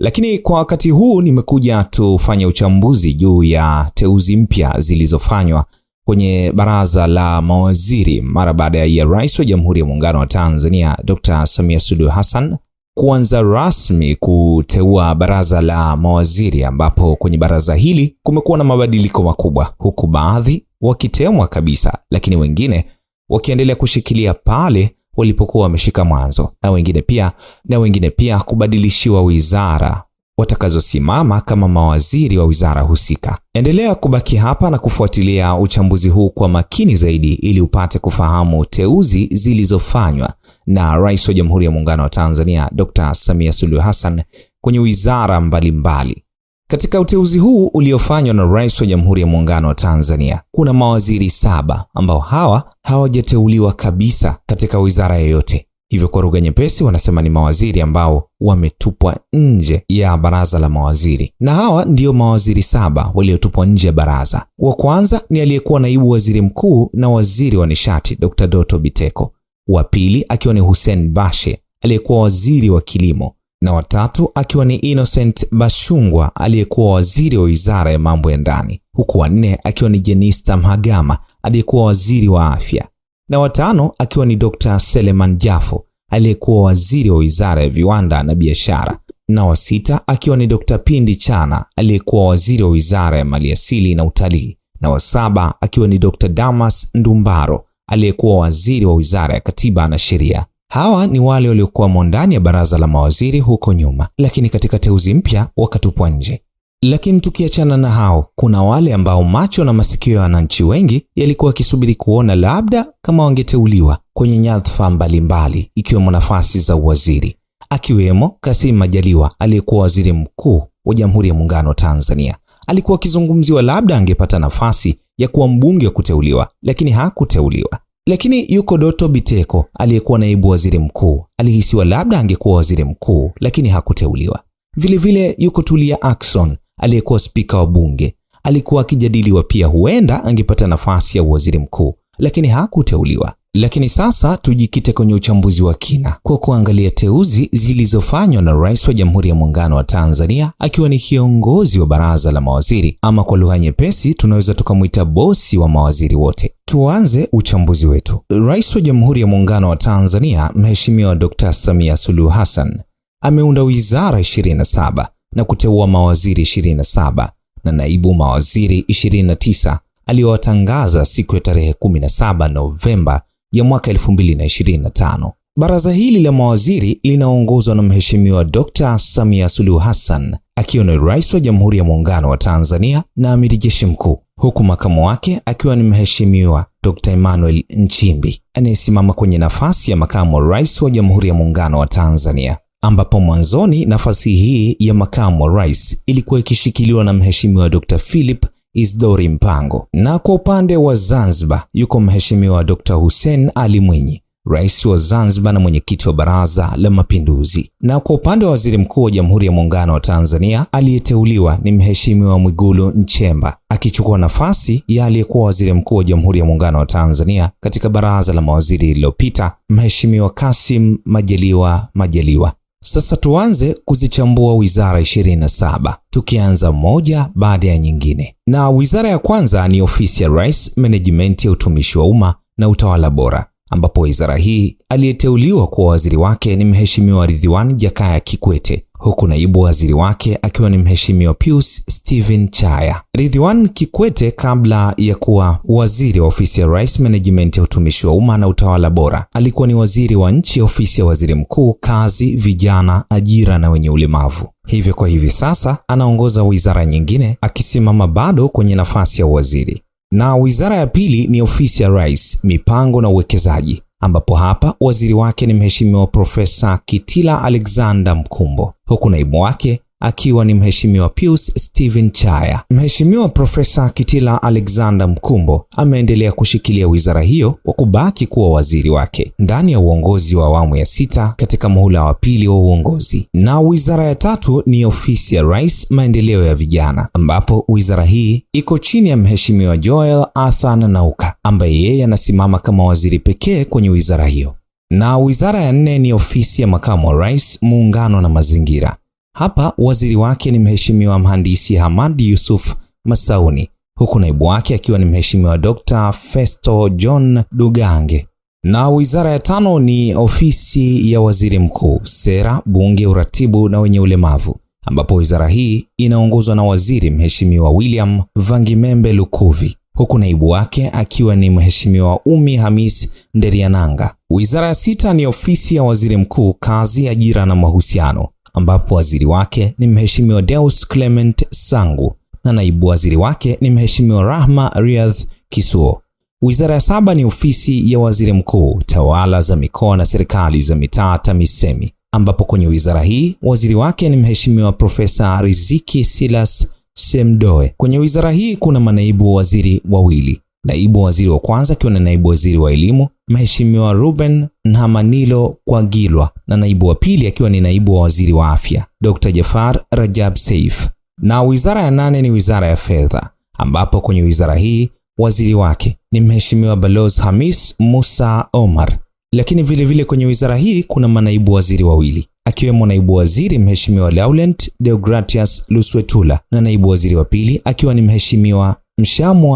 Lakini kwa wakati huu nimekuja tufanye uchambuzi juu ya teuzi mpya zilizofanywa kwenye baraza la mawaziri mara baada ya Rais wa Jamhuri ya Muungano wa Tanzania Dr. Samia Suluhu Hassan kuanza rasmi kuteua baraza la mawaziri, ambapo kwenye baraza hili kumekuwa na mabadiliko makubwa, huku baadhi wakitemwa kabisa, lakini wengine wakiendelea kushikilia pale walipokuwa wameshika mwanzo, na wengine pia na wengine pia kubadilishiwa wizara watakazosimama kama mawaziri wa wizara husika. Endelea kubaki hapa na kufuatilia uchambuzi huu kwa makini zaidi ili upate kufahamu teuzi zilizofanywa na Rais wa Jamhuri ya Muungano wa Tanzania Dr. Samia Suluhu Hassan kwenye wizara mbalimbali mbali. Katika uteuzi huu uliofanywa na Rais wa Jamhuri ya Muungano wa Tanzania, kuna mawaziri saba ambao hawa hawajateuliwa kabisa katika wizara yoyote. Hivyo kwa lugha nyepesi, wanasema ni mawaziri ambao wametupwa nje ya baraza la mawaziri, na hawa ndio mawaziri saba waliotupwa nje ya baraza. Wa kwanza ni aliyekuwa naibu waziri mkuu na waziri wa nishati Dr. Doto Biteko, wa pili akiwa ni Hussein Bashe aliyekuwa waziri wa kilimo na watatu akiwa ni Innocent Bashungwa aliyekuwa waziri wa wizara ya mambo ya ndani, huku wanne akiwa ni Jenista Mhagama aliyekuwa waziri wa afya, na watano akiwa ni Dr. Seleman Jafo aliyekuwa waziri wa wizara ya viwanda na biashara, na wa sita akiwa ni Dr. Pindi Chana aliyekuwa waziri wa wizara ya maliasili na utalii, na wa saba akiwa ni Dr. Damas Ndumbaro aliyekuwa waziri wa wizara ya katiba na sheria. Hawa ni wale waliokuwamo ndani ya baraza la mawaziri huko nyuma, lakini katika teuzi mpya wakatupwa nje. Lakini tukiachana na hao, kuna wale ambao macho na masikio ya wananchi wengi yalikuwa yakisubiri kuona labda kama wangeteuliwa kwenye nyadhifa mbalimbali, ikiwemo nafasi za uwaziri, akiwemo Kassim Majaliwa aliyekuwa waziri mkuu wa Jamhuri ya Muungano wa Tanzania. Alikuwa akizungumziwa labda angepata nafasi ya kuwa mbunge wa kuteuliwa, lakini hakuteuliwa. Lakini yuko Doto Biteko aliyekuwa naibu waziri mkuu, alihisiwa labda angekuwa waziri mkuu, lakini hakuteuliwa. Vilevile yuko Tulia Ackson aliyekuwa spika wa bunge, alikuwa akijadiliwa pia huenda angepata nafasi ya uwaziri mkuu, lakini hakuteuliwa. Lakini sasa tujikite kwenye uchambuzi wa kina kwa kuangalia teuzi zilizofanywa na Rais wa Jamhuri ya Muungano wa Tanzania akiwa ni kiongozi wa baraza la mawaziri, ama kwa lugha nyepesi tunaweza tukamwita bosi wa mawaziri wote. Tuanze uchambuzi wetu. Rais wa Jamhuri ya Muungano wa Tanzania Mheshimiwa Dr. Samia Suluhu Hassan ameunda wizara 27 na kuteua mawaziri 27 na naibu mawaziri 29 aliyowatangaza siku ya tarehe 17 Novemba ya mwaka 2025. Baraza hili la mawaziri linaongozwa na Mheshimiwa Dr. Samia Suluhu Hassan akiwa ni rais wa Jamhuri ya Muungano wa Tanzania na amiri jeshi mkuu, huku makamu wake akiwa ni Mheshimiwa Dr. Emmanuel Nchimbi anayesimama kwenye nafasi ya makamu wa rais wa Jamhuri ya Muungano wa Tanzania, ambapo mwanzoni nafasi hii ya makamu wa rais ilikuwa ikishikiliwa na Mheshimiwa Dr. Philip Isdori Mpango, na kwa upande wa Zanzibar yuko Mheshimiwa Dr. Hussein Ali Mwinyi, rais wa Zanzibar na mwenyekiti wa Baraza la Mapinduzi. Na kwa upande wa waziri mkuu wa Jamhuri ya Muungano wa Tanzania aliyeteuliwa ni Mheshimiwa Mwigulu Nchemba, akichukua nafasi ya aliyekuwa waziri mkuu wa Jamhuri ya Muungano wa Tanzania katika baraza la mawaziri lililopita, Mheshimiwa Kasim Majaliwa Majaliwa. Sasa tuanze kuzichambua wizara 27 tukianza moja baada ya nyingine, na wizara ya kwanza ni ofisi ya Rais, Menejimenti ya Utumishi wa Umma na Utawala Bora, ambapo wizara hii aliyeteuliwa kuwa waziri wake ni Mheshimiwa Ridhiwani Jakaya Kikwete huku naibu waziri wake akiwa ni mheshimiwa Pius Steven Chaya. Ridhiwan Kikwete kabla ya kuwa waziri wa ofisi ya Rais Management ya utumishi wa umma na utawala bora, alikuwa ni waziri wa nchi ofisi ya waziri mkuu, kazi, vijana, ajira na wenye ulemavu. Hivyo kwa hivi sasa anaongoza wizara nyingine akisimama bado kwenye nafasi ya waziri. Na wizara ya pili ni ofisi ya Rais, mipango na uwekezaji ambapo hapa waziri wake ni Mheshimiwa Profesa Kitila Alexander Mkumbo, huku naibu wake akiwa ni Mheshimiwa Pius Steven Chaya. Mheshimiwa Profesa Kitila Alexander Mkumbo ameendelea kushikilia wizara hiyo kwa kubaki kuwa waziri wake ndani ya uongozi wa awamu ya sita katika muhula wa pili wa uongozi. Na wizara ya tatu ni ofisi ya Rais, maendeleo ya vijana, ambapo wizara hii iko chini ya Mheshimiwa Joel Athan Nauka ambaye yeye anasimama kama waziri pekee kwenye wizara hiyo. Na wizara ya nne ni ofisi ya makamu wa Rais, muungano na mazingira hapa waziri wake ni mheshimiwa mhandisi Hamad Yusuf Masauni, huku naibu wake akiwa ni mheshimiwa Dr. Festo John Dugange. Na wizara ya tano ni ofisi ya waziri mkuu, sera, bunge, uratibu na wenye ulemavu, ambapo wizara hii inaongozwa na waziri mheshimiwa William Vangimembe Lukuvi, huku naibu wake akiwa ni mheshimiwa Umi Hamis Nderiananga. Wizara ya sita ni ofisi ya waziri mkuu, kazi, ajira na mahusiano ambapo waziri wake ni Mheshimiwa Deus Clement Sangu na naibu waziri wake ni Mheshimiwa Rahma Riyadh Kisuo. Wizara ya saba ni ofisi ya waziri mkuu, tawala za mikoa na serikali za mitaa TAMISEMI, ambapo kwenye wizara hii waziri wake ni Mheshimiwa Profesa Riziki Silas Semdoe. Kwenye wizara hii kuna manaibu waziri wawili, naibu waziri wa kwanza akiwa na naibu waziri wa elimu Mheshimiwa Ruben Nhamanilo Kwagilwa na naibu wa pili akiwa ni naibu wa waziri wa afya Dr. Jafar Rajab Seif. Na wizara ya nane ni wizara ya fedha, ambapo kwenye wizara hii waziri wake ni Mheshimiwa Balozi Hamis Musa Omar. Lakini vile vile kwenye wizara hii kuna manaibu waziri wawili akiwemo naibu waziri Mheshimiwa Laurent Deogratias Luswetula na naibu waziri wa pili akiwa ni Mheshimiwa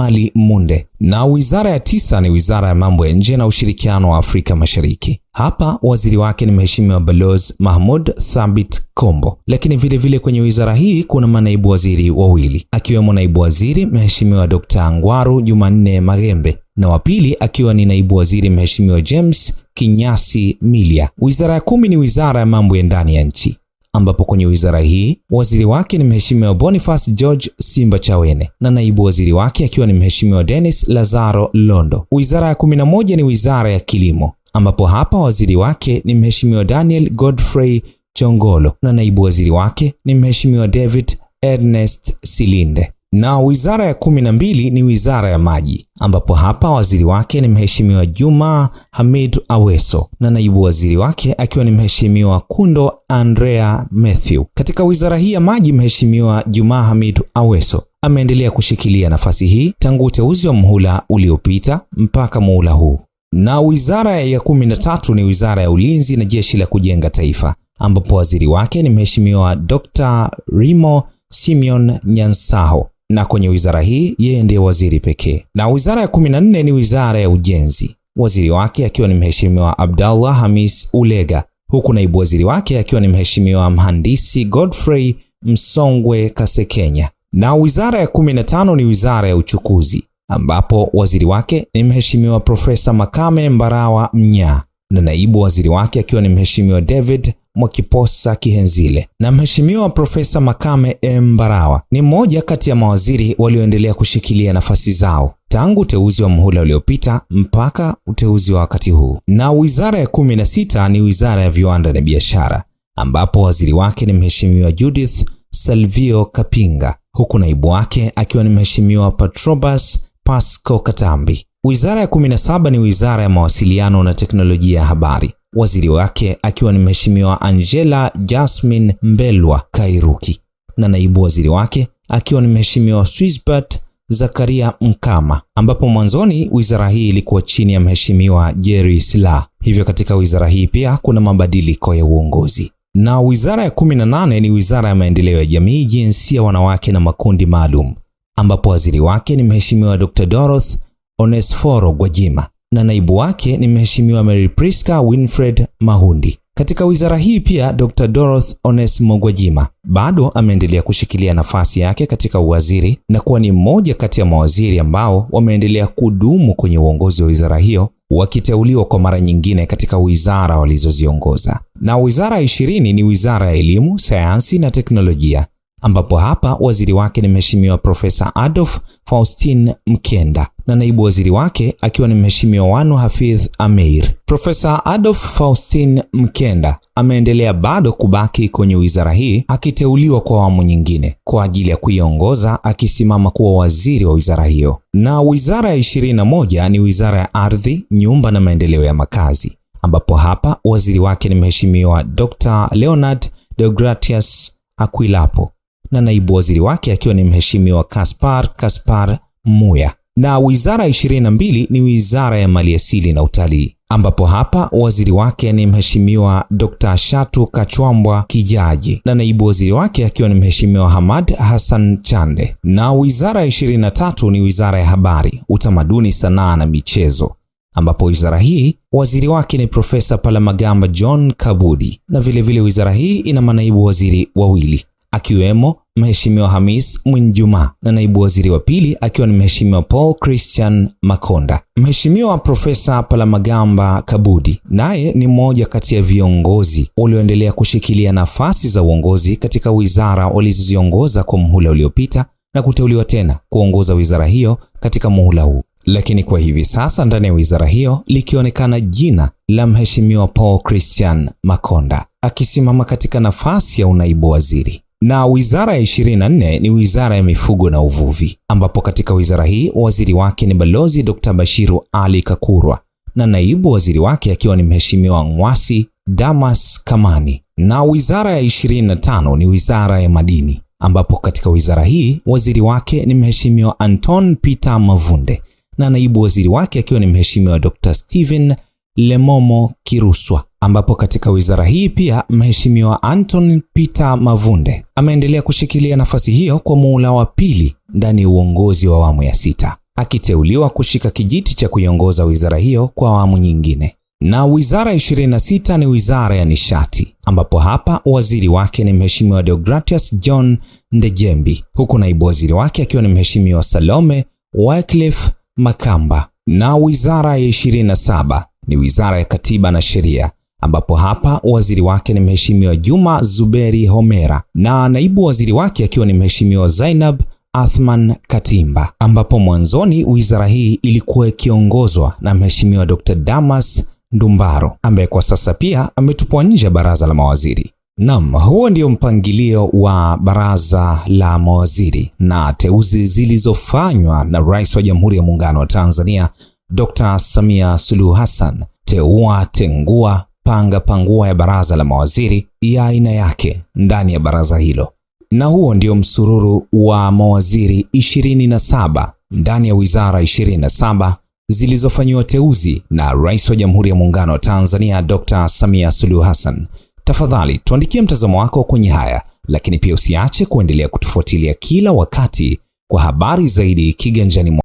ali Munde. Na wizara ya tisa ni wizara ya mambo ya nje na ushirikiano wa Afrika Mashariki. Hapa waziri wake ni mheshimiwa Balozi Mahmud Thabit Kombo, lakini vile vile kwenye wizara hii kuna manaibu waziri wawili, akiwemo naibu waziri mheshimiwa Dr. angwaru Jumanne Magembe na wa pili akiwa ni naibu waziri mheshimiwa James Kinyasi Milia. Wizara ya kumi ni wizara ya mambo ya ndani ya nchi ambapo kwenye wizara hii waziri wake ni mheshimiwa Boniface George Simba Chawene na naibu waziri wake akiwa ni mheshimiwa Dennis Lazaro Londo. Wizara ya 11 ni wizara ya kilimo ambapo hapa waziri wake ni mheshimiwa Daniel Godfrey Chongolo na naibu waziri wake ni mheshimiwa David Ernest Silinde. Na wizara ya kumi na mbili ni wizara ya maji, ambapo hapa waziri wake ni mheshimiwa Juma Hamid Aweso na naibu waziri wake akiwa ni mheshimiwa Kundo Andrea Matthew. Katika wizara hii ya maji, mheshimiwa Juma Hamid Aweso ameendelea kushikilia nafasi hii tangu uteuzi wa muhula uliopita mpaka muhula huu. Na wizara ya kumi na tatu ni wizara ya ulinzi na jeshi la kujenga taifa, ambapo waziri wake ni mheshimiwa Dr. Rimo Simeon Nyansaho na kwenye wizara hii yeye ndiye waziri pekee. Na wizara ya 14 ni wizara ya ujenzi, waziri wake akiwa ni mheshimiwa Abdallah Hamis Ulega, huku naibu waziri wake akiwa ni mheshimiwa mhandisi Godfrey Msongwe Kasekenya. Na wizara ya 15 ni wizara ya uchukuzi ambapo waziri wake ni mheshimiwa Profesa Makame Mbarawa Mnyaa na naibu waziri wake akiwa ni mheshimiwa David Mwakiposa Kihenzile na Mheshimiwa Profesa Makame M. Mbarawa ni mmoja kati ya mawaziri walioendelea kushikilia nafasi zao tangu uteuzi wa muhula uliopita mpaka uteuzi wa wakati huu. Na wizara ya kumi na sita ni wizara ya viwanda na biashara, ambapo waziri wake ni Mheshimiwa Judith Salvio Kapinga, huku naibu wake akiwa ni Mheshimiwa Patrobas Pasco Katambi. Wizara ya 17 ni wizara ya mawasiliano na teknolojia ya habari waziri wake akiwa ni Mheshimiwa Angela Jasmine Mbelwa Kairuki na naibu waziri wake akiwa ni Mheshimiwa swisbert Zakaria Mkama, ambapo mwanzoni wizara hii ilikuwa chini ya Mheshimiwa Jerry Silaa. Hivyo katika wizara hii pia kuna mabadiliko ya uongozi. Na wizara ya 18 ni wizara ya maendeleo ya jamii, jinsia, wanawake na makundi maalum, ambapo waziri wake ni Mheshimiwa Dr. Dorothy Onesforo Gwajima na naibu wake ni Mheshimiwa Mary Priska Winfred Mahundi. Katika wizara hii pia Dr. Dorothy Ones Mogwajima bado ameendelea kushikilia nafasi yake katika uwaziri na kuwa ni mmoja kati ya mawaziri ambao wameendelea kudumu kwenye uongozi wa wizara hiyo wakiteuliwa kwa mara nyingine katika wizara walizoziongoza. Na wizara ishirini ni wizara ya elimu, sayansi na teknolojia, ambapo hapa waziri wake ni Mheshimiwa Profesa Adolf Faustin Mkenda na naibu waziri wake akiwa ni Mheshimiwa Wanu Hafidh Ameir. Profesa Adolf Faustin Mkenda ameendelea bado kubaki kwenye wizara hii akiteuliwa kwa awamu nyingine kwa ajili ya kuiongoza akisimama kuwa waziri wa wizara hiyo. Na wizara ya 21 ni wizara ya ardhi, nyumba na maendeleo ya makazi, ambapo hapa waziri wake ni Mheshimiwa Dr. Leonard Deogratias Akwilapo na naibu waziri wake akiwa ni mheshimiwa Kaspar Kaspar Muya, na wizara 22 ni wizara ya maliasili na utalii, ambapo hapa waziri wake ni mheshimiwa Dr. Shatu Kachwambwa Kijaji na naibu waziri wake akiwa ni mheshimiwa Hamad Hassan Chande, na wizara 23 ni wizara ya habari, utamaduni, sanaa na michezo ambapo wizara hii waziri wake ni Profesa Palamagamba John Kabudi, na vilevile vile wizara hii ina manaibu waziri wawili akiwemo Mheshimiwa Hamis Mwinjuma na naibu waziri wa pili akiwa ni Mheshimiwa Paul Christian Makonda. Mheshimiwa Profesa Palamagamba Kabudi naye ni mmoja kati ya viongozi walioendelea kushikilia nafasi za uongozi katika wizara walizoziongoza kwa muhula uliopita na kuteuliwa tena kuongoza wizara hiyo katika muhula huu. Lakini kwa hivi sasa ndani ya wizara hiyo likionekana jina la Mheshimiwa Paul Christian Makonda akisimama katika nafasi ya unaibu waziri. Na wizara ya 24 ni wizara ya mifugo na uvuvi, ambapo katika wizara hii waziri wake ni Balozi Dr. Bashiru Ali Kakurwa na naibu waziri wake akiwa ni Mheshimiwa Ngwasi Damas Kamani. Na wizara ya 25 ni wizara ya madini, ambapo katika wizara hii waziri wake ni Mheshimiwa Anton Peter Mavunde na naibu waziri wake akiwa ni Mheshimiwa Dr. Steven Lemomo Kiruswa, ambapo katika wizara hii pia Mheshimiwa Anton Peter Mavunde ameendelea kushikilia nafasi hiyo kwa muhula wa pili ndani ya uongozi wa awamu ya sita, akiteuliwa kushika kijiti cha kuiongoza wizara hiyo kwa awamu nyingine. Na wizara 26 ni wizara ya nishati, ambapo hapa waziri wake ni Mheshimiwa Deogratius John Ndejembi, huku naibu waziri wake akiwa ni Mheshimiwa Salome Wycliffe Makamba. Na wizara ya 27 ni Wizara ya Katiba na Sheria, ambapo hapa waziri wake ni Mheshimiwa Juma Zuberi Homera na naibu waziri wake akiwa ni Mheshimiwa Zainab Athman Katimba, ambapo mwanzoni wizara hii ilikuwa ikiongozwa na Mheshimiwa Dr. Damas Ndumbaro ambaye kwa sasa pia ametupwa nje ya baraza la mawaziri. Naam, huo ndio mpangilio wa baraza la mawaziri na teuzi zilizofanywa na Rais wa Jamhuri ya Muungano wa Tanzania Dr. Samia Suluhu Hassan, teua tengua panga pangua ya baraza la mawaziri ya aina yake ndani ya baraza hilo. Na huo ndio msururu wa mawaziri 27 ndani ya wizara 27 zilizofanyiwa teuzi na Rais wa Jamhuri ya Muungano wa Tanzania Dr. Samia Suluhu Hassan. Tafadhali tuandikie mtazamo wako kwenye haya, lakini pia usiache kuendelea kutufuatilia kila wakati kwa habari zaidi kiganjani.